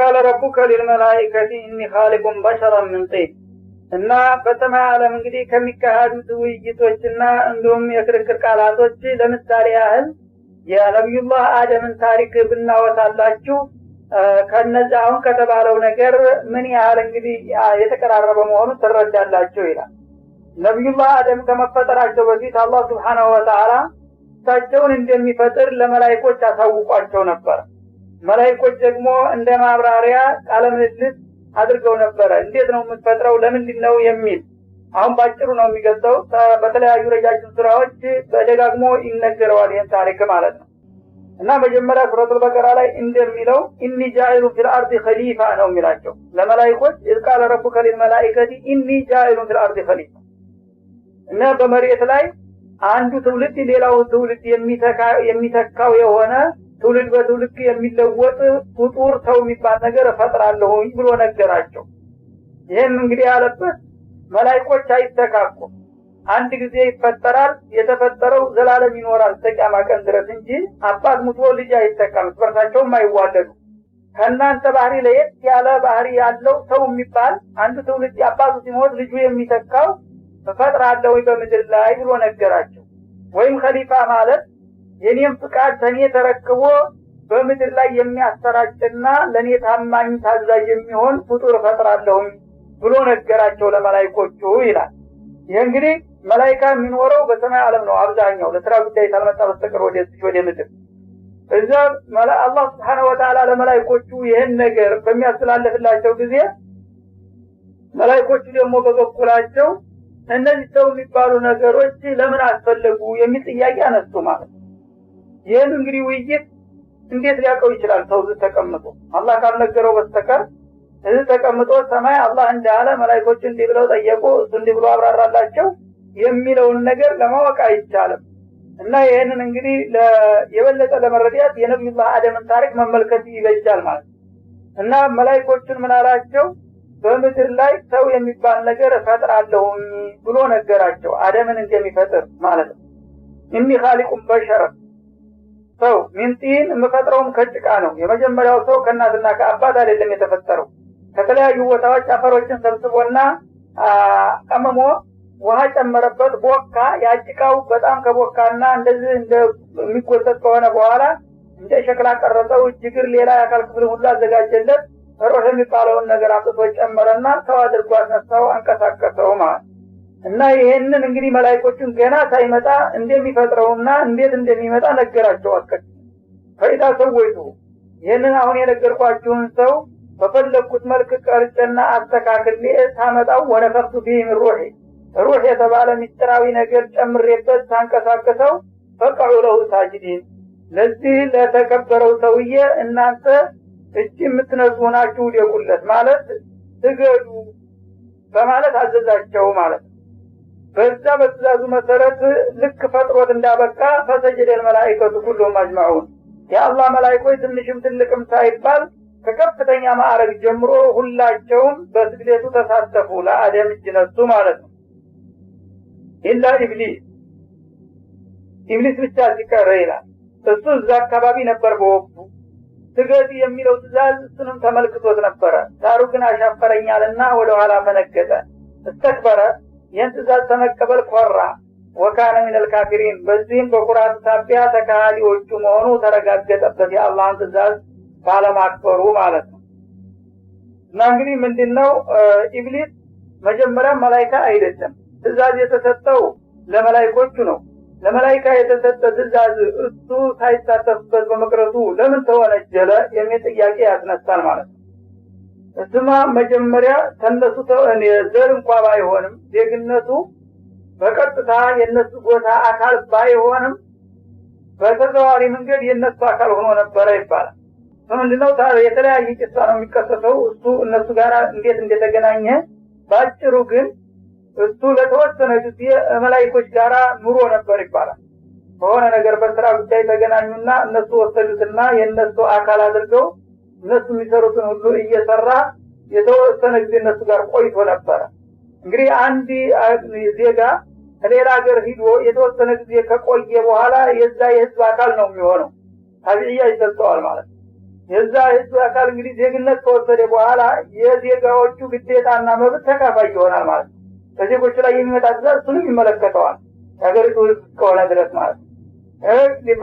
ቃለ ረቡከ ሊልመላይከቲ እኒ ኻሊቁን በሸረን ምን ጢን እና በሰማይ ዓለም እንግዲህ ከሚካሄዱት ውይይቶችና እንዲሁም የክርክር ቃላቶች ለምሳሌ ያህል የነቢዩላህ አደምን ታሪክ ብናወሳላችሁ ከነዚህ አሁን ከተባለው ነገር ምን ያህል እንግዲህ የተቀራረበ መሆኑ ትረዳላችሁ ይላል። ነቢዩላህ አደም ከመፈጠራቸው በፊት አላህ ስብሓናሁ ወተዓላ እሳቸውን እንደሚፈጥር ለመላይኮች አሳውቋቸው ነበር። መላይኮች ደግሞ እንደ ማብራሪያ ቃለ ምልልስ አድርገው ነበረ። እንዴት ነው የምትፈጥረው? ለምንድን ነው የሚል አሁን ባጭሩ ነው የሚገልጸው። በተለያዩ ረጃጅም ስራዎች በደጋግሞ ይነገረዋል ይህን ታሪክ ማለት ነው። እና መጀመሪያ ሱረቱል በቀራ ላይ እንደሚለው ኢኒ ጃኢሉ ፊል ከሊፋ ነው የሚላቸው ለመላይኮች ኢዝ ቃለ ረቡ ከሊል መላይከቲ ኢኒ ጃኢሉ ፊል ከሊፋ እና በመሬት ላይ አንዱ ትውልድ ሌላው ትውልድ የሚተካው የሆነ ትውልድ በትውልድ የሚለወጥ ፍጡር ሰው የሚባል ነገር እፈጥራለሁኝ ብሎ ነገራቸው። ይህም እንግዲህ ያለበት መላይኮች አይተካኩም። አንድ ጊዜ ይፈጠራል። የተፈጠረው ዘላለም ይኖራል ተቂያማ ቀን ድረስ እንጂ አባት ሙቶ ልጅ አይተካም፣ እርስ በርሳቸውም አይዋለዱ። ከእናንተ ባህሪ ለየት ያለ ባህሪ ያለው ሰው የሚባል አንዱ ትውልድ አባቱ ሲሞት ልጁ የሚተካው እፈጥራለሁኝ በምድር ላይ ብሎ ነገራቸው። ወይም ከሊፋ ማለት የኔም ፍቃድ ተኔ ተረክቦ በምድር ላይ የሚያሰራጭና ለእኔ ታማኝ ታዛዥ የሚሆን ፍጡር እፈጥራለሁኝ ብሎ ነገራቸው ለመላይኮቹ ይላል። ይህ እንግዲህ መላይካ የሚኖረው በሰማይ ዓለም ነው። አብዛኛው ለስራ ጉዳይ ካልመጣ በስተቀር ወደዚህ ወደ ምድር እዛ አላህ ስብሓነ ወተዓላ ለመላይኮቹ ይህን ነገር በሚያስተላልፍላቸው ጊዜ መላይኮቹ ደግሞ በበኩላቸው እነዚህ ሰው የሚባሉ ነገሮች ለምን አስፈለጉ የሚል ጥያቄ አነሱ ማለት ነው። ይህን እንግዲህ ውይይት እንዴት ሊያውቀው ይችላል? ሰው እዚህ ተቀምጦ አላህ ካልነገረው በስተቀር እዚህ ተቀምጦ ሰማይ አላህ እንዳለ መላይኮች እንዲህ ብለው ጠየቁ፣ እሱ እንዲህ ብሎ አብራራላቸው የሚለውን ነገር ለማወቅ አይቻልም። እና ይህንን እንግዲህ የበለጠ ለመረዳት የነቢዩላህ አደምን ታሪክ መመልከት ይበጃል ማለት ነው። እና መላይኮቹን ምናላቸው በምድር ላይ ሰው የሚባል ነገር እፈጥራለሁኝ ብሎ ነገራቸው። አደምን እንደሚፈጥር ማለት ነው። እኒ ኻሊቁም በሸረን ሰው ሚንጢን የምፈጥረውም ከጭቃ ነው። የመጀመሪያው ሰው ከእናትና ከአባት አይደለም የተፈጠረው። ከተለያዩ ቦታዎች አፈሮችን ሰብስቦና ቀምሞ ውሃ ጨመረበት፣ ቦካ። ያጭቃው በጣም ከቦካና እንደዚህ እንደሚጎሰጥ ከሆነ በኋላ እንደ ሸክላ ቀረጸው። እጅግር ሌላ የአካል ክፍል ሁሉ አዘጋጀለት። ሮህ የሚባለውን ነገር አብጥቶ ጨመረና ሰው አድርጎ አስነሳው፣ አንቀሳቀሰው ማለት እና ይሄንን እንግዲህ መላይኮቹን ገና ሳይመጣ እንደሚፈጥረውና እንዴት እንደሚመጣ ነገራቸው። አቀድ ፈይዳ ሰወይቱ ይህንን አሁን የነገርኳችሁን ሰው በፈለግኩት መልክ ቀርጨና አስተካክሌ ሳመጣው ወነፈክቱ ፊህ ምን ሩሒ ሩሕ የተባለ ምስጢራዊ ነገር ጨምሬበት ሳንቀሳቀሰው ፈቀዑ ለሁ ሳጅዲን ለዚህ ለተከበረው ሰውዬ እናንተ እጅ የምትነሱ ናችሁ፣ ደቁለት ማለት ስገዱ በማለት አዘዛቸው ማለት ነው። በዛ በትእዛዙ መሰረት ልክ ፈጥሮት እንዳበቃ ፈሰጀደ መላይከቱ ሁሉም አጅማዑን የአላህ መላይኮች ትንሽም ትልቅም ሳይባል ከከፍተኛ ማዕረግ ጀምሮ ሁላቸውም በስግደቱ ተሳተፉ። ለአደም እጅ ነሱ ማለት ነው። ኢላ ኢብሊስ ኢብሊስ ብቻ ሲቀረ ይላል። እሱ እዛ አካባቢ ነበር በወቅቱ ስገድ የሚለው ትእዛዝ እሱንም ተመልክቶት ነበረ። ዳሩ ግን አሻፈረኛልና ወደ ኋላ ፈነገጠ፣ እስተክበረ ይህን ትእዛዝ በመቀበል ኮራ ወካነ ሚነል ካፊሪን በዚህም በኩራቱ ሳቢያ ተካሃዲዎቹ መሆኑ ተረጋገጠበት የአላህን ትእዛዝ ባለማክበሩ ማለት ነው እና እንግዲህ ምንድን ነው ኢብሊስ መጀመሪያ መላይካ አይደለም ትእዛዝ የተሰጠው ለመላይኮቹ ነው ለመላይካ የተሰጠ ትእዛዝ እሱ ሳይሳተፍበት በመቅረቱ ለምን ተወነጀለ የሚል ጥያቄ ያስነሳል ማለት ነው እትማ መጀመሪያ ተነሱ ዘር እንኳ ባይሆንም ዜግነቱ በቀጥታ የእነሱ ቦታ አካል ባይሆንም በተዘዋሪ መንገድ የእነሱ አካል ሆኖ ነበረ ይባላል። ምንድነው የተለያየ ጭሳ ነው የሚከሰተው። እሱ እነሱ ጋር እንዴት እንደተገናኘ ባጭሩ ግን እሱ ለተወሰነ ጊዜ መላይኮች ጋራ ኑሮ ነበር ይባላል። በሆነ ነገር በስራ ጉዳይ ተገናኙና እነሱ ወሰዱትና የእነሱ አካል አድርገው እነሱ የሚሰሩትን ሁሉ እየሰራ የተወሰነ ጊዜ እነሱ ጋር ቆይቶ ነበረ። እንግዲህ አንድ ዜጋ ከሌላ ሀገር ሂዶ የተወሰነ ጊዜ ከቆየ በኋላ የዛ የህዝብ አካል ነው የሚሆነው። ታቢዕያ ይሰጠዋል ማለት የዛ የህዝብ አካል እንግዲህ ዜግነት ከወሰደ በኋላ የዜጋዎቹ ግዴታና መብት ተካፋይ ይሆናል ማለት ነው። በዜጎቹ ላይ የሚመጣ ትእዛዝ እሱንም ይመለከተዋል የሀገሪቱ ህዝብ እስከሆነ ድረስ ማለት ነው።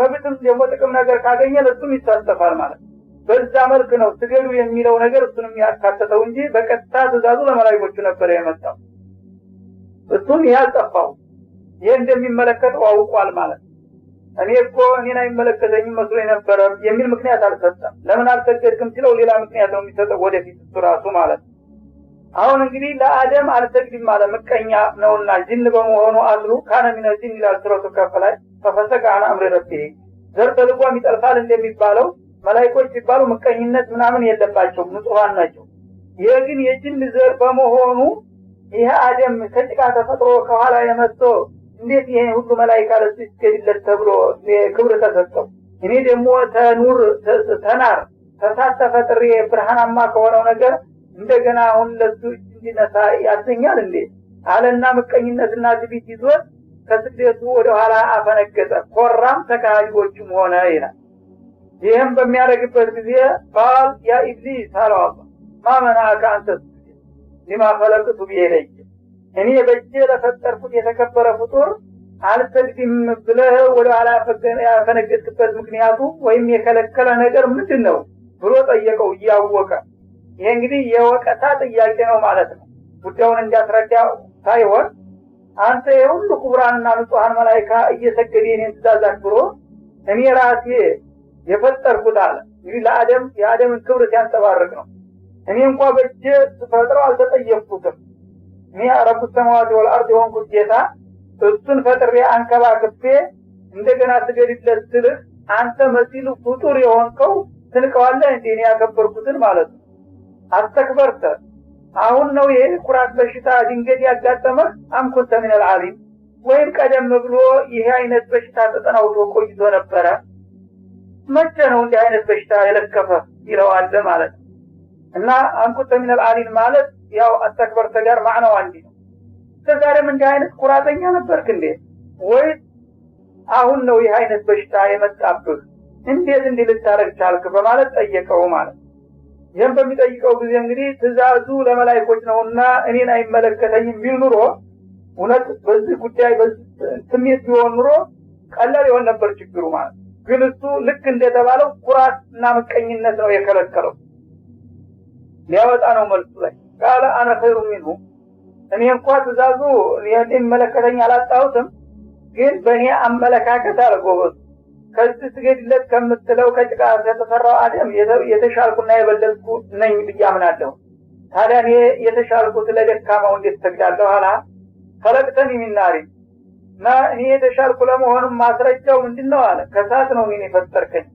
መብትም ደግሞ ጥቅም ነገር ካገኘ ለሱም ይሳተፋል ማለት ነው። በዛ መልክ ነው ስገዱ የሚለው ነገር እሱንም ያካተተው እንጂ በቀጥታ ትእዛዙ ለመላይኮቹ ነበር የመጣው። እሱም ይህ ይህ እንደሚመለከተው አውቋል ማለት እኔ እኮ እኔን አይመለከተኝ መስሎ የነበረ የሚል ምክንያት አልሰጠም። ለምን አልሰገድክም ሲለው ሌላ ምክንያት ነው የሚሰጠው ወደፊት እሱ ራሱ ማለት አሁን እንግዲህ ለአደም አልሰግድም አለ። ምቀኛ ነውና ጅን በመሆኑ አስሉ ካነ ሚነ ጅን ይላል ስረቱ ከፍ ፈፈሰቀ አና አን አምሪ ዘር ተልጓም ይጠልፋል እንደሚባለው መላይኮች ሲባሉ ምቀኝነት ምናምን የለባቸው ንጹሀን ናቸው። ይህ ግን የጅን ዘር በመሆኑ ይህ አደም ከጭቃ ተፈጥሮ ከኋላ የመጥቶ እንዴት ይሄ ሁሉ መላይካ ለሱ ይስገድለት ተብሎ ክብር ተሰጠው። እኔ ደግሞ ተኑር ተናር ተሳት ተፈጥሬ ብርሃናማ ከሆነው ነገር እንደገና አሁን ለሱ እንዲነሳ ያሰኛል እንዴ አለና ምቀኝነትና ትዕቢት ይዞት ከስደቱ ወደኋላ አፈነገጠ። ኮራም ተካሃጅቦችም ሆነ ይላል። ይህም በሚያደርግበት ጊዜ ቃል ያ ኢብሊስ አለው አላ ማመናአከ አንተ ሊማ ፈለቅቱ ብየደይ እኔ በእጄ ለፈጠርኩት የተከበረ ፍጡር አልሰግድም ብለህ ወደ ኋላ ያፈነገጥክበት ምክንያቱ ወይም የከለከለ ነገር ምንድን ነው ብሎ ጠየቀው እያወቀ። ይሄ እንግዲህ የወቀታ ጥያቄ ነው ማለት ነው። ጉዳዩን እንዲያስረዳ ሳይሆን አንተ የሁሉ ክቡራንና ንጹሀን መላይካ እየሰገድ የኔን ትዛዛት ብሎ እኔ ራሴ የፈጠርኩት አለ። እንግዲህ ለአደም የአደምን ክብር ሲያንጸባርቅ ነው። እኔ እንኳ በእጄ ስፈጥረው አልተጠየቅኩትም። እኔ ረቡት ሰማዋት ወልአርድ የሆንኩት ጌታ እሱን ፈጥሬ አንከባክቤ እንደገና ስገድለት ስልህ አንተ መሲሉ ፍጡር የሆንከው ትንቀዋለህ እንዴ? እኔ ያከበርኩትን ማለት ነው። አስተክበርተ አሁን ነው ይህ ኩራት በሽታ ድንገት ያጋጠመህ? አምኩንተ ሚነል ዓሊም ወይም ቀደም ብሎ ይሄ አይነት በሽታ ተጠናውቶ ቆይቶ ነበረ? መቼ ነው እንዲህ አይነት በሽታ የለከፈ ይለዋል ማለት ነው። እና አንቁተ ሚነል አሊል ማለት ያው አስተክበርተ ጋር ማዕናው አንዲ ነው። እስከዛሬም እንዲህ አይነት ኩራተኛ ነበርክ እንዴ? ወይስ አሁን ነው ይህ አይነት በሽታ የመጣብህ? እንዴት እንዲህ ልታደርግ ቻልክ? በማለት ጠየቀው ማለት ነው። ይህም በሚጠይቀው ጊዜ እንግዲህ ትእዛዙ ለመላይኮች ነውና እኔን አይመለከተኝም ቢል ኑሮ እውነት በዚህ ጉዳይ ስሜት ቢሆን ኑሮ ቀላል የሆን ነበር ችግሩ ማለት ነው። ግን እሱ ልክ እንደተባለው ኩራት እና ምቀኝነት ነው የከለከለው። ሊያወጣ ነው መልሱ ላይ ቃለ አነ ኸይሩ ሚንሁ እኔ እንኳ ትእዛዙ የሚመለከተኝ አላጣሁትም፣ ግን በእኔ አመለካከት አልጎበዝ ከዚህ ስገድለት ከምትለው ከጭቃ የተሰራው አደም የተሻልኩና የበለጥኩ ነኝ ብዬ አምናለሁ። ታዲያ እኔ የተሻልኩት ለደካማው እንዴት ሰግዳለሁ? አላ ከለቅተኒ ሚን እና እኔ የተሻልኩ ለመሆኑ ማስረጃው ምንድን ነው አለ። ከሳት ነው እኔን የፈጠርከኝ።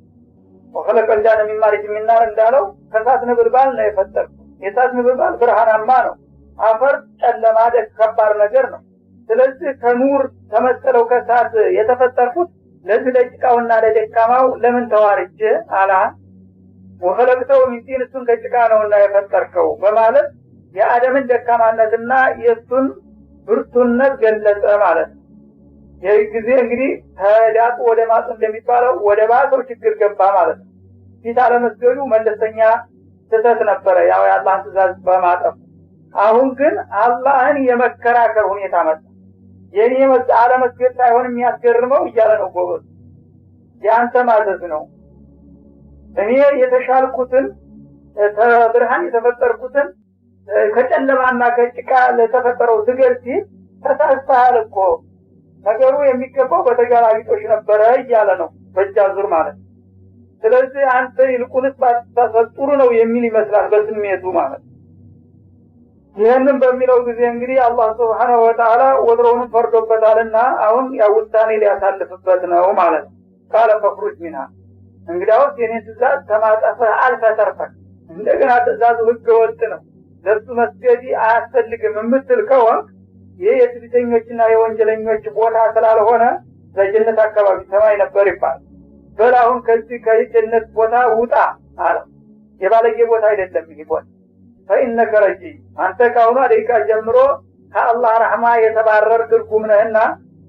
ወፈለቀልዳ ነው የሚማርጅ የሚናር እንዳለው ከሳት ነበልባል ነው የፈጠርኩ። የሳት ነበልባል ብርሃናማ ነው። አፈር ጨለማ ደግ ከባድ ነገር ነው። ስለዚህ ከኑር ተመሰለው ከሳት የተፈጠርኩት ለዚህ ለጭቃውና ለደካማው ለምን ተዋርጅ አላ ወከለቅተው ሚንቲን እሱን ከጭቃ ነውና የፈጠርከው በማለት የአደምን ደካማነትና የእሱን ብርቱነት ገለጸ ማለት ነው። ይህ ጊዜ እንግዲህ ተዳጡ ወደ ማጡ እንደሚባለው ወደ ባሰው ችግር ገባ ማለት ነው። ፊት አለመስገዱ መለስተኛ ስህተት ነበረ፣ ያው የአላህን ትእዛዝ በማጠፍ አሁን ግን አላህን የመከራከር ሁኔታ መጣ። የኔ አለመስገድ ሳይሆን የሚያስገርመው እያለ ነው ጎበዝ፣ የአንተ ማዘዝ ነው። እኔ የተሻልኩትን ከብርሃን የተፈጠርኩትን ከጨለማና ከጭቃ ለተፈጠረው ስገድ ሲል ተሳስተሃል እኮ ነገሩ የሚገባው በተጋላቢጦች ነበረ እያለ ነው በእጅ አዙር ማለት ስለዚህ አንተ ይልቁንስ ባታሳት ጥሩ ነው የሚል ይመስላል በስሜቱ ማለት ይህንን በሚለው ጊዜ እንግዲህ አላህ ስብሓነሁ ወተዓላ ወትሮውንም ፈርዶበታልና አሁን ያው ውሳኔ ሊያሳልፍበት ነው ማለት ነው ቃለ ፈክሩጅ ሚና እንግዲያውስ የኔ ትእዛዝ ተማጠፈህ አልፈተርፈህ እንደገና ትእዛዙ ህገ ወጥ ነው ለሱ መስገድ አያስፈልግም የምትል ከሆንክ ይህ የትዕቢተኞችና የወንጀለኞች ቦታ ስላልሆነ በጀነት አካባቢ ሰማይ ነበር ይባል በል አሁን ከዚህ ከጀነት ቦታ ውጣ አለ የባለጌ ቦታ አይደለም ይህ ቦታ። ፈኢነከ ረጂ አንተ ከአሁኑ ደቂቃ ጀምሮ ከአላህ ረህማ የተባረር ትርጉም ነህና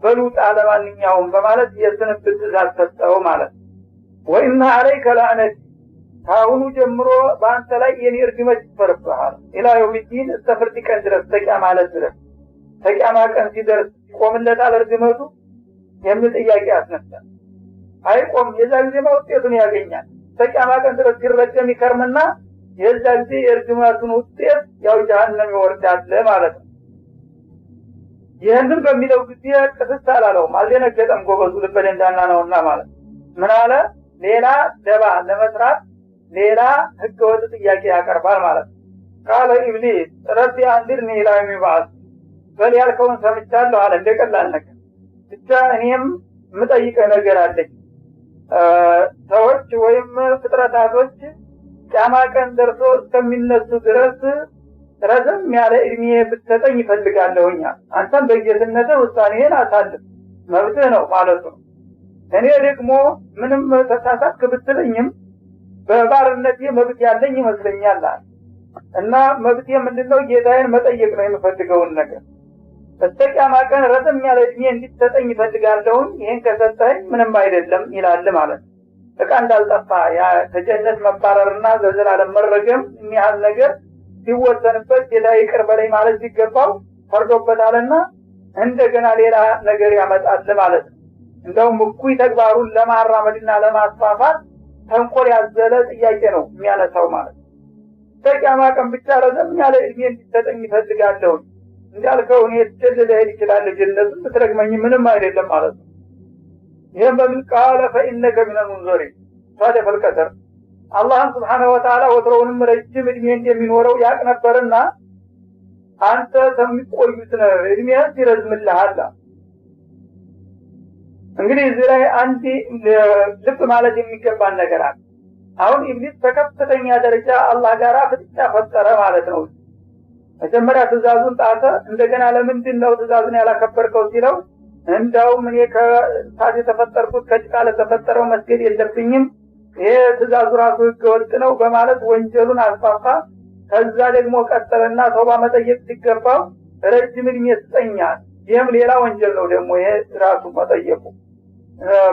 በሉጣ ለማንኛውም በማለት የስንብት ትእዛዝ ሰጠው ማለት ወኢና አለይከ ላዕነት ከአሁኑ ጀምሮ በአንተ ላይ የኔ እርግመት ይፈርብሃል ኢላ የውሚዲን እስከ ፍርድ ቀን ድረስ ተቂያ ማለት ድረስ ተቂያማ ቀን ሲደርስ ይቆምለታል እርግመቱ የሚል ጥያቄ ያስነሳል። አይቆም። የዛ ጊዜማ ውጤቱን ያገኛል። ተቂያማ ቀን ድረስ ሲረገም ይከርምና የዛ ጊዜ የእርግማቱን ውጤት ያው ጀሀነም ይወርዳል ማለት ነው። ይህንን በሚለው ጊዜ ቅስስ አላለውም፣ አልደነገጠም። ጎበዙ ልበ ነውና ማለት ምን አለ? ሌላ ደባ ለመስራት ሌላ ህገወጥ ጥያቄ ያቀርባል ማለት ነው። ቃለ ኢብሊስ ረቢ አንድር ኒላ የሚባአስ በል ያልከውን ሰምቻለሁ አለ። እንደ ቀላል ነገር ብቻ እኔም የምጠይቀህ ነገር አለኝ። ሰዎች ወይም ፍጥረታቶች ጫማ ቀን ደርሶ እስከሚነሱ ድረስ ረዘም ያለ እድሜ ብትሰጠኝ ይፈልጋለሁኛ። አንተም በጌትነትህ ውሳኔህን አሳልፍ፣ መብትህ ነው ማለቱ ነው። እኔ ደግሞ ምንም ተሳሳትክ ብትለኝም በባርነቴ መብት ያለኝ ይመስለኛል እና መብት ምንድነው? ጌታዬን መጠየቅ ነው የምፈልገውን ነገር በስተቂያማ ቀን ረዘም ያለ እድሜ እንዲሰጠኝ ይፈልጋለሁኝ። ይህን ከሰጠኝ ምንም አይደለም ይላል ማለት ነው። እቃ እንዳልጠፋ ከጀነት መባረርና ዘዘላለም መረገም የሚያህል ነገር ሲወሰንበት ጌታ ይቅር በላይ ማለት ሲገባው ፈርዶበታልና እንደገና ሌላ ነገር ያመጣል ማለት ነው። እንደውም እኩይ ተግባሩን ለማራመድና ለማስፋፋት ተንኮል ያዘለ ጥያቄ ነው የሚያነሳው ማለት ነው። ቀን ብቻ ረዘም ያለ እድሜ እንዲሰጠኝ ይፈልጋለሁኝ እንዳልከው እኔ ትል ልሄድ ይችላል ጀነት ብትረግመኝ ምንም አይደለም ማለት ነው። ይህም በሚል ቃለ ፈኢነከ ሚነል ሙንዘሪ ሳደፈል ቀተር አላህም ስብሓነ ወተዓላ ወትሮውንም ረጅም እድሜ እንደሚኖረው ያቅ ነበርና አንተ ከሚቆዩት ነው እድሜ ይረዝምልሃል። እንግዲህ እዚህ ላይ አንድ ልብ ማለት የሚገባን ነገር አለ። አሁን ኢብሊስ በከፍተኛ ደረጃ አላህ ጋር ፍጥጫ ፈጠረ ማለት ነው። መጀመሪያ ትእዛዙን ጣሰ። እንደገና ለምንድን ነው ትእዛዙን ያላከበርከው ሲለው እንደውም እኔ ከእሳት የተፈጠርኩት ከጭቃ ለተፈጠረው መስገድ የለብኝም ይሄ ትእዛዙ ራሱ ህገወጥ ነው በማለት ወንጀሉን አስፋፋ። ከዛ ደግሞ ቀጠለና ተውባ መጠየቅ ሲገባው ረጅም እድሜ ስጠኛል። ይህም ሌላ ወንጀል ነው ደግሞ ይሄ ራሱ መጠየቁ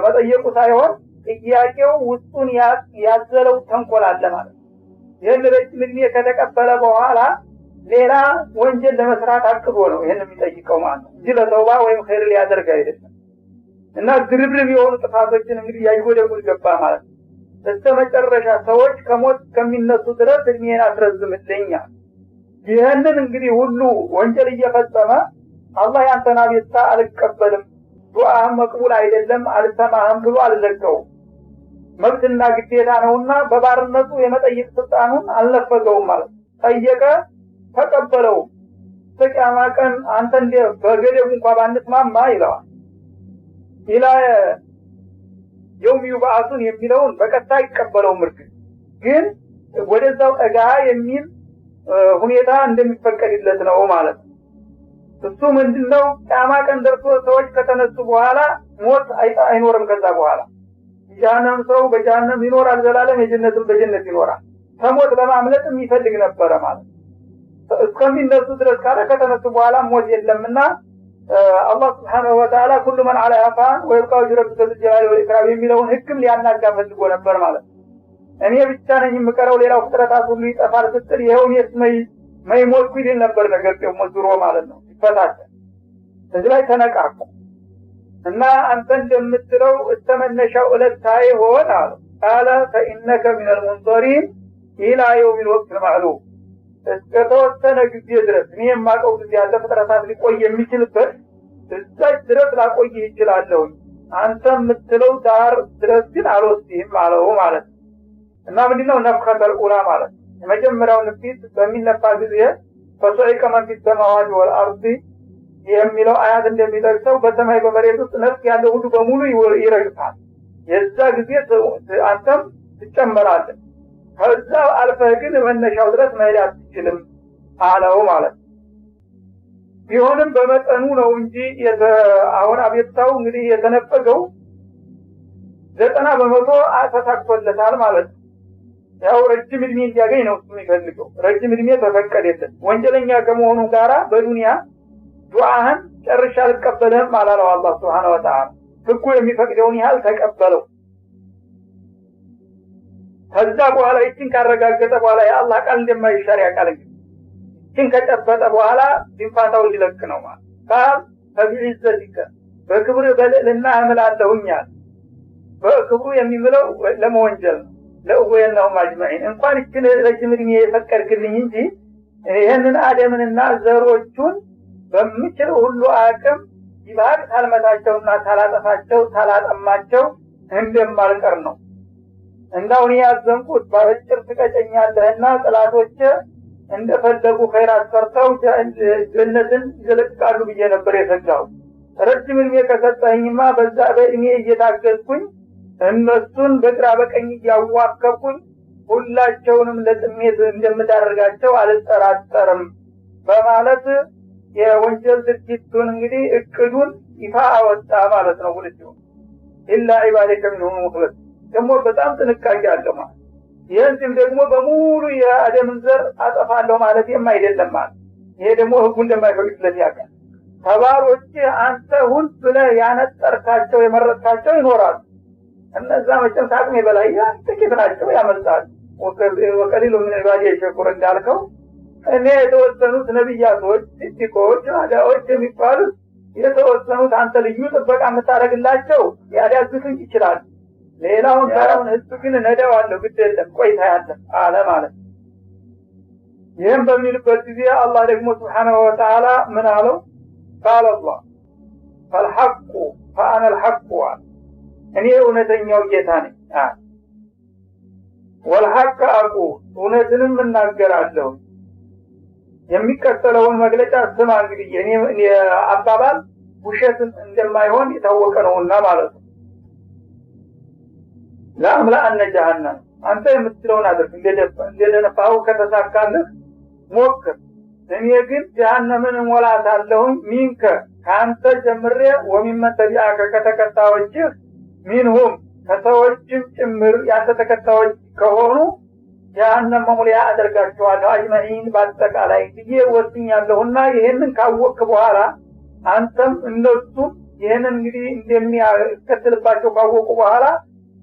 መጠየቁ ሳይሆን ጥያቄው ውስጡን ያዘለው ተንኮል አለ ማለት ይህን ረጅም እድሜ ከተቀበለ በኋላ ሌላ ወንጀል ለመስራት አቅቦ ነው ይህን የሚጠይቀው ማለት ነው እንጂ ለተውባ ወይም ኸይር ሊያደርግ አይደለም። እና ድርብርብ የሆኑ ጥፋቶችን እንግዲህ ያይጎደጉ ገባ ማለት ነው። እስከ መጨረሻ ሰዎች ከሞት ከሚነሱ ድረስ እድሜን አስረዝምልኛል። ይህንን እንግዲህ ሁሉ ወንጀል እየፈጸመ አላህ ያንተን አቤቱታ አልቀበልም፣ ዱዓህም መቅቡል አይደለም፣ አልሰማህም ብሎ አልዘጋውም። መብትና ግዴታ ነውና በባርነቱ የመጠየቅ ስልጣኑን አልነፈገውም ማለት ነው። ጠየቀ ተቀበለው። በቂያማ ቀን አንተ እንደ በገደብ እንኳ ባንስማማ ይለዋል። ኢላ የውም ዩብአሱን የሚለውን በቀጥታ ይቀበለው ምርግ ግን ወደዛው ጠጋ የሚል ሁኔታ እንደሚፈቀድለት ነው ማለት ነው። እሱ ምንድነው ቂያማ ቀን ደርሶ ሰዎች ከተነሱ በኋላ ሞት አይኖርም። ከዛ በኋላ የጀሃነም ሰው በጀሃነም ይኖራል ዘላለም፣ የጀነትም በጀነት ይኖራል። ከሞት ለማምለጥ የሚፈልግ ነበረ ማለት ነው። እስከሚነሱ ድረስ ካለ ከተነሱ በኋላ ሞት የለምና አላህ ስብሓነሁ ወተዓላ ኩሉ መን አላ ያፋን ወይብቃ ጅረብ ረቢከ ዙልጀላሊ የሚለውን ህግም ሊያናጋ ፈልጎ ነበር ማለት እኔ ብቻ ነኝ የምቀረው፣ ሌላው ፍጥረታት ሁሉ ይጠፋል ስትል ይኸውን የት መይ ሞት ይል ነበር። ነገር ደግሞ ዙሮ ማለት ነው ይፈታተል። እዚህ ላይ ተነቃቁ እና አንተ እንደምትለው እስተመነሻው ታይ ሆን አሉ ቃለ ፈኢነከ ምን ሙንዘሪን ኢላ የውሚል ወቅት ልማዕሉም እስከተወሰነ ጊዜ ድረስ እኔ የማውቀው ጊዜ ያለ ፍጥረታት ሊቆይ የሚችልበት እዛች ድረስ ላቆይ ይችላለሁ፣ አንተ የምትለው ዳር ድረስ ግን አልወስድህም አለው ማለት ነው። እና ምንድነው ነፍከተል ቁላ ማለት የመጀመሪያው ንፊት በሚነፋ ጊዜ ፈሶዒቀ መን ፊ ሰማዋት የሚለው አያት እንደሚጠቅሰው በሰማይ በመሬት ውስጥ ነፍስ ያለው ሁሉ በሙሉ ይረግፋል። የዛ ጊዜ አንተም ትጨመራለህ። ከዛው አልፈህ ግን መነሻው ድረስ መሄድ አትችልም አለው ማለት ነው። ቢሆንም በመጠኑ ነው እንጂ አሁን አቤታው እንግዲህ የተነፈገው ዘጠና በመቶ ተሳክቶለታል ማለት ነው። ያው ረጅም እድሜ እንዲያገኝ ነው እሱ የሚፈልገው። ረጅም እድሜ ተፈቀደለት። ወንጀለኛ ከመሆኑ ጋራ በዱንያ ዱዓህን ጨርሻ አልቀበለህም አላለው አላህ ስብሓነ ወተዓላ። ህጉ የሚፈቅደውን ያህል ተቀበለው። ከዛ በኋላ ይችን ካረጋገጠ በኋላ የአላህ ቃል እንደማይሻር ያውቃል። እንግዲህ ይችን ከጨበጠ በኋላ ድንፋታው ሊለቅ ነው ማለት ቃል ፈቢዒዘቲከ በክብር በልዕልና እምላለሁኛል። በክብሩ የሚምለው ለመወንጀል ነው። ለእወየናሁ አጅመዒን እንኳን እችን ረጅም እድሜ የፈቀድክልኝ እንጂ ይህንን አደምንና ዘሮቹን በምችል ሁሉ አቅም ይባል ታልመታቸውና ታላጠፋቸው ታላጠማቸው እንደማልቀር ነው። እንዳሁን ያዘንኩት በአጭር ትቀጨኛለህና ጥላቶች እንደፈለጉ ኸይራት ሰርተው ጀነትን ይዘለቅቃሉ ብዬ ነበር የሰጋው። ረጅም እድሜ ከሰጠኝማ በዛ በእድሜ እየታገዝኩኝ እነሱን በግራ በቀኝ እያዋከብኩኝ ሁላቸውንም ለጥሜት እንደምዳርጋቸው አልጠራጠርም በማለት የወንጀል ድርጊቱን እንግዲህ እቅዱን ይፋ አወጣ ማለት ነው። ሁልችው ኢላ ዒባዴከ ሚንሁም ሙክለስ ደግሞ በጣም ጥንቃቄ አቅሟል። ይህን ሲል ደግሞ በሙሉ የአደምን ዘር አጠፋለሁ ማለቴም አይደለም ማለት ይሄ ደግሞ ህጉ ስለዚህ ያውቃል። ተባሮች አንተ ሁን ብለ ያነጠርካቸው የመረጥካቸው ይኖራሉ። እነዛ መቼም ከአቅሜ በላይ ጥቂት ናቸው፣ ያመልጣሉ። ወቀሊሉ ምን ባ የሸኩር እንዳልከው እኔ የተወሰኑት ነቢያቶች፣ ሲዲቆች፣ አዳዎች የሚባሉት የተወሰኑት አንተ ልዩ ጥበቃ የምታደረግላቸው ያዳያዙትን ይችላሉ። ሌላውን ሳይሆን ህዝብ ግን ነደዋለሁ ግድ የለም ቆይታ ያለ አለ ማለት ነው። ይህም በምንልበት ጊዜ አላህ ደግሞ ስብሓናሁ ወተዓላ ምን አለው? ቃል አላህ ፈልሐቁ ፈአነ ልሐቁ አለ እኔ እውነተኛው ጌታ ነኝ አለ። ወልሐቅ አቁ እውነትንም እናገራለሁ። የሚከተለውን መግለጫ ስማ እንግዲህ አባባል ውሸትን እንደማይሆን የታወቀ ነውና ማለት ነው። ለአምላ አነ አንተ የምትለውን አድርግ። እንደደነፋው ከተሳካልህ ሞክር። እኔ ግን ጀሃነምን እሞላታለሁኝ ሚንከ ከአንተ ጀምሬ ወሚመን ከተከታዮችህ ሚንሁም ከሰዎችም ጭምር ያንተ ተከታዮች ከሆኑ ጀሃነም መሙሊያ አደርጋችኋለሁ አጅመዒን በአጠቃላይ ብዬ ወስኛለሁና ይህንን ካወቅክ በኋላ አንተም እነሱም ይህንን እንግዲህ እንደሚያስከትልባቸው ካወቁ በኋላ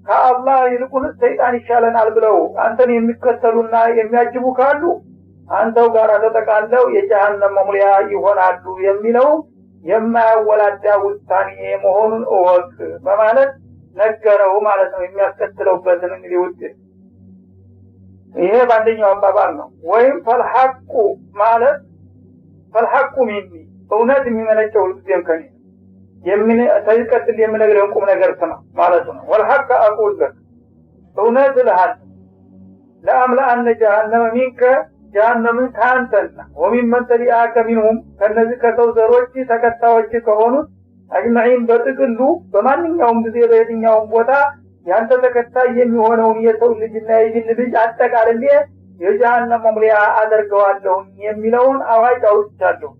ከአላህ ይልቁን ሰይጣን ይሻለናል ብለው አንተን የሚከተሉና የሚያጅቡ ካሉ አንተው ጋር ተጠቃለው የጀሃነም መሙሊያ ይሆናሉ የሚለው የማያወላዳ ውሳኔ መሆኑን እወቅ በማለት ነገረው ማለት ነው። የሚያስከትለውበትን እንግዲህ ውድ ይሄ በአንደኛው አባባል ነው። ወይም ፈልሐቁ ማለት ፈልሐቁ ሚኒ እውነት የሚመነጨው ሁልጊዜም ከኔ ተቀጥል የምነግርህን ቁም ነገር ስማ ማለት ነው። ወልሐቅ አቁል ለክ እውነት እልሃለሁ ለአምልአነ ጀሃነመ ሚንከ ጃሃነምን ከአንተና ወሚን ወሚመን አከ ሚንሁም ከእነዚህ ከሰው ዘሮች ተከታዮች ከሆኑት አጅማዒን በጥቅሉ በማንኛውም ጊዜ በየትኛውም ቦታ ያንተ ተከታይ የሚሆነውን የሰው ልጅና የጅን ልጅ አጠቃልሌ የጀሃነም መሙሊያ አደርገዋለሁ የሚለውን አዋጅ አውጥቻለሁ።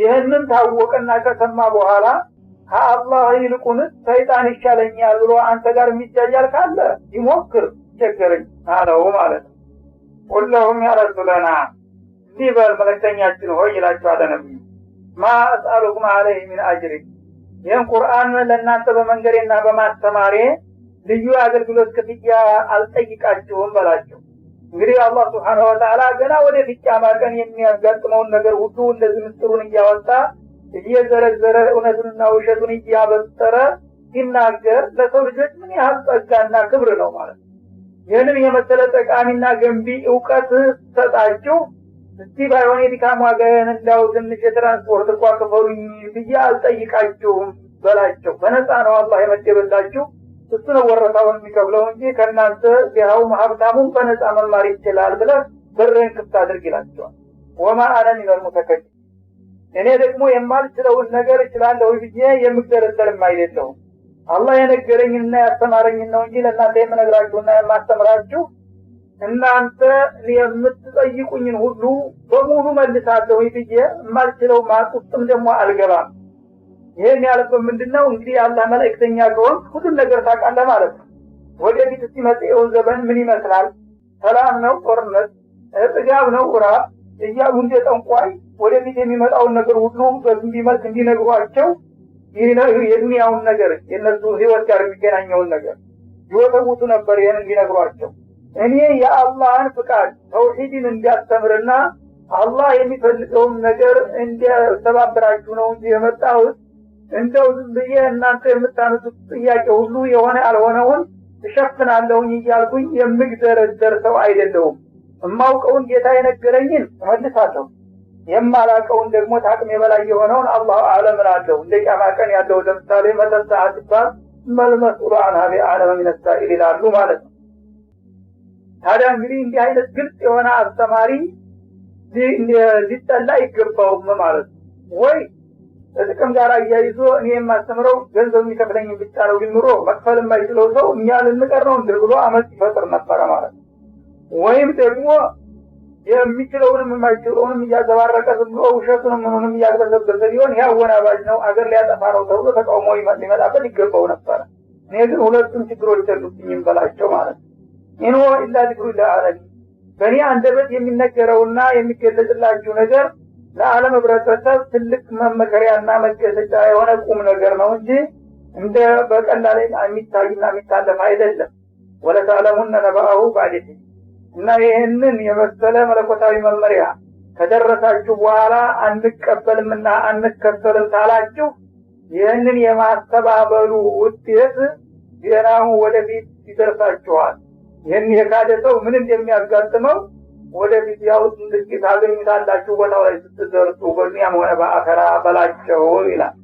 ይህንን ታወቀና ከሰማ በኋላ ከአላህ ይልቁን ሰይጣን ይሻለኛል ብሎ አንተ ጋር የሚጃጃል ካለ ይሞክር ይቸገረኝ አለው ማለት ነው። ሁለሁም ያረሱለና እንዲህ በል መለክተኛችን ሆይ ይላቸዋል ነቢዩ ማ አስአሉኩም አለህ ሚን አጅሪ ይህን ቁርአን ለእናንተ በመንገዴና በማስተማሬ ልዩ አገልግሎት ክፍያ አልጠይቃችሁም በላቸው። እንግዲህ አላህ ስብሓነሁ ወተዓላ ገና ወደ ቂያማ ቀን የሚያጋጥመውን ነገር ሁሉ እንደዚህ ምስጥሩን እያወጣ እየዘረዘረ እውነቱንና ውሸቱን እያበጠረ ሲናገር ለሰው ልጆች ምን ያህል ጸጋና ክብር ነው ማለት ነው። ይህንም የመሰለ ጠቃሚና ገንቢ እውቀት ሰጣችሁ። እስቲ ባይሆን የድካም ዋጋዬን እንዳው ትንሽ የትራንስፖርት እንኳ ክፈሉኝ ብዬ አልጠይቃችሁም በላቸው። በነፃ ነው አላህ የመደበላችሁ። እሱ ነው ወረታውን የሚከፍለው እንጂ ከእናንተ ድሃውም ሀብታሙን በነፃ መማር ይችላል ብለህ በርህን ክፍት አድርግ ይላቸዋል። ወማ አለን ሚነል ሙተከፊ እኔ ደግሞ የማልችለውን ነገር እችላለሁ ብዬ የምግደረደርም አይደለሁም። አላህ የነገረኝንና ያስተማረኝን ነው እንጂ ለእናንተ የምነግራችሁና የማስተምራችሁ እናንተ የምትጠይቁኝን ሁሉ በሙሉ መልሳለሁ ብዬ የማልችለው ማቅ ደግሞ አልገባም። ይህም ያለበት ምንድን ነው? እንግዲህ አላህ መልእክተኛ ከሆን ሁሉን ነገር ታውቃለ ማለት ነው። ወደፊት ሲመጽኤው ዘመን ምን ይመስላል? ሰላም ነው ጦርነት፣ ጥጋብ ነው ቁራ እያሉ እንደ ጠንቋይ ወደፊት የሚመጣውን ነገር ሁሉ በዝንቢ መልክ እንዲነግሯቸው የዱኒያውን ነገር የእነሱ ህይወት ጋር የሚገናኘውን ነገር ይወተውቱ ነበር። ይህን እንዲነግሯቸው እኔ የአላህን ፍቃድ ተውሒድን እንዲያስተምርና አላህ የሚፈልገውን ነገር እንዲያስተባብራችሁ ነው እንጂ የመጣሁት እንደው ዝም ብዬ እናንተ የምታነሱት ጥያቄ ሁሉ የሆነ ያልሆነውን እሸፍናለሁኝ እያልኩኝ የምግዘረዘር ሰው አይደለሁም። እማውቀውን ጌታ የነገረኝን እመልሳለሁ። የማላቀውን ደግሞ ታቅሜ በላይ የሆነውን አላሁ አለም እላለሁ። እንደ ቂያማ ቀን ያለው ለምሳሌ መተት ሰዓት ሲባል መልመስሉ አንሃቤ አለም ሚነሳኢል ይላሉ ማለት ነው። ታዲያ እንግዲህ እንዲህ አይነት ግልጽ የሆነ አስተማሪ ሊጠላ ይገባውም ማለት ነው። ወይ ከጥቅም ጋር አያይዞ እኔ የማስተምረው ገንዘብ የሚከፍለኝ ብቻ ነው፣ ግን ኑሮ መክፈል የማይችለው ሰው እኛ ልንቀር ነው እንደ ብሎ አመፅ ይፈጥር ነበረ ማለት ነው። ወይም ደግሞ የሚችለውንም የማይችለውንም እያዘባረቀ ዝም ብሎ ውሸቱን ምኑንም እያግበዘበዘ ቢሆን ይህ አወናባጅ ነው፣ አገር ሊያጠፋ ነው ተብሎ ተቃውሞ ሊመጣበት ይገባው ነበረ። እኔ ግን ሁለቱም ችግሮች የሉብኝም በላቸው ማለት ነው። ኢን ሁወ ኢላ ዚክሩ ሊልዓለሚን በእኔ አንደበት የሚነገረውና የሚገለጽላችሁ ነገር ለዓለም ህብረተሰብ ትልቅ መመከሪያና መገሰጫ የሆነ ቁም ነገር ነው እንጂ እንደ በቀላል የሚታይና የሚታለፍ አይደለም። ወለተዕለሙነ ነባአሁ ባዕደ እና ይህንን የመሰለ መለኮታዊ መመሪያ ከደረሳችሁ በኋላ አንቀበልምና አንከተልም ታላችሁ ይህንን የማስተባበሉ ውጤት ዜናው ወደፊት ይደርሳችኋል። ይህን የካደ ሰው ምን እንደሚያጋጥመው ወደፊት ያው ጥቂት አገኙታላችሁ ቦታው ላይ ስትደርሱ በዱንያም ሆነ በአኸራ በላቸው ይላል።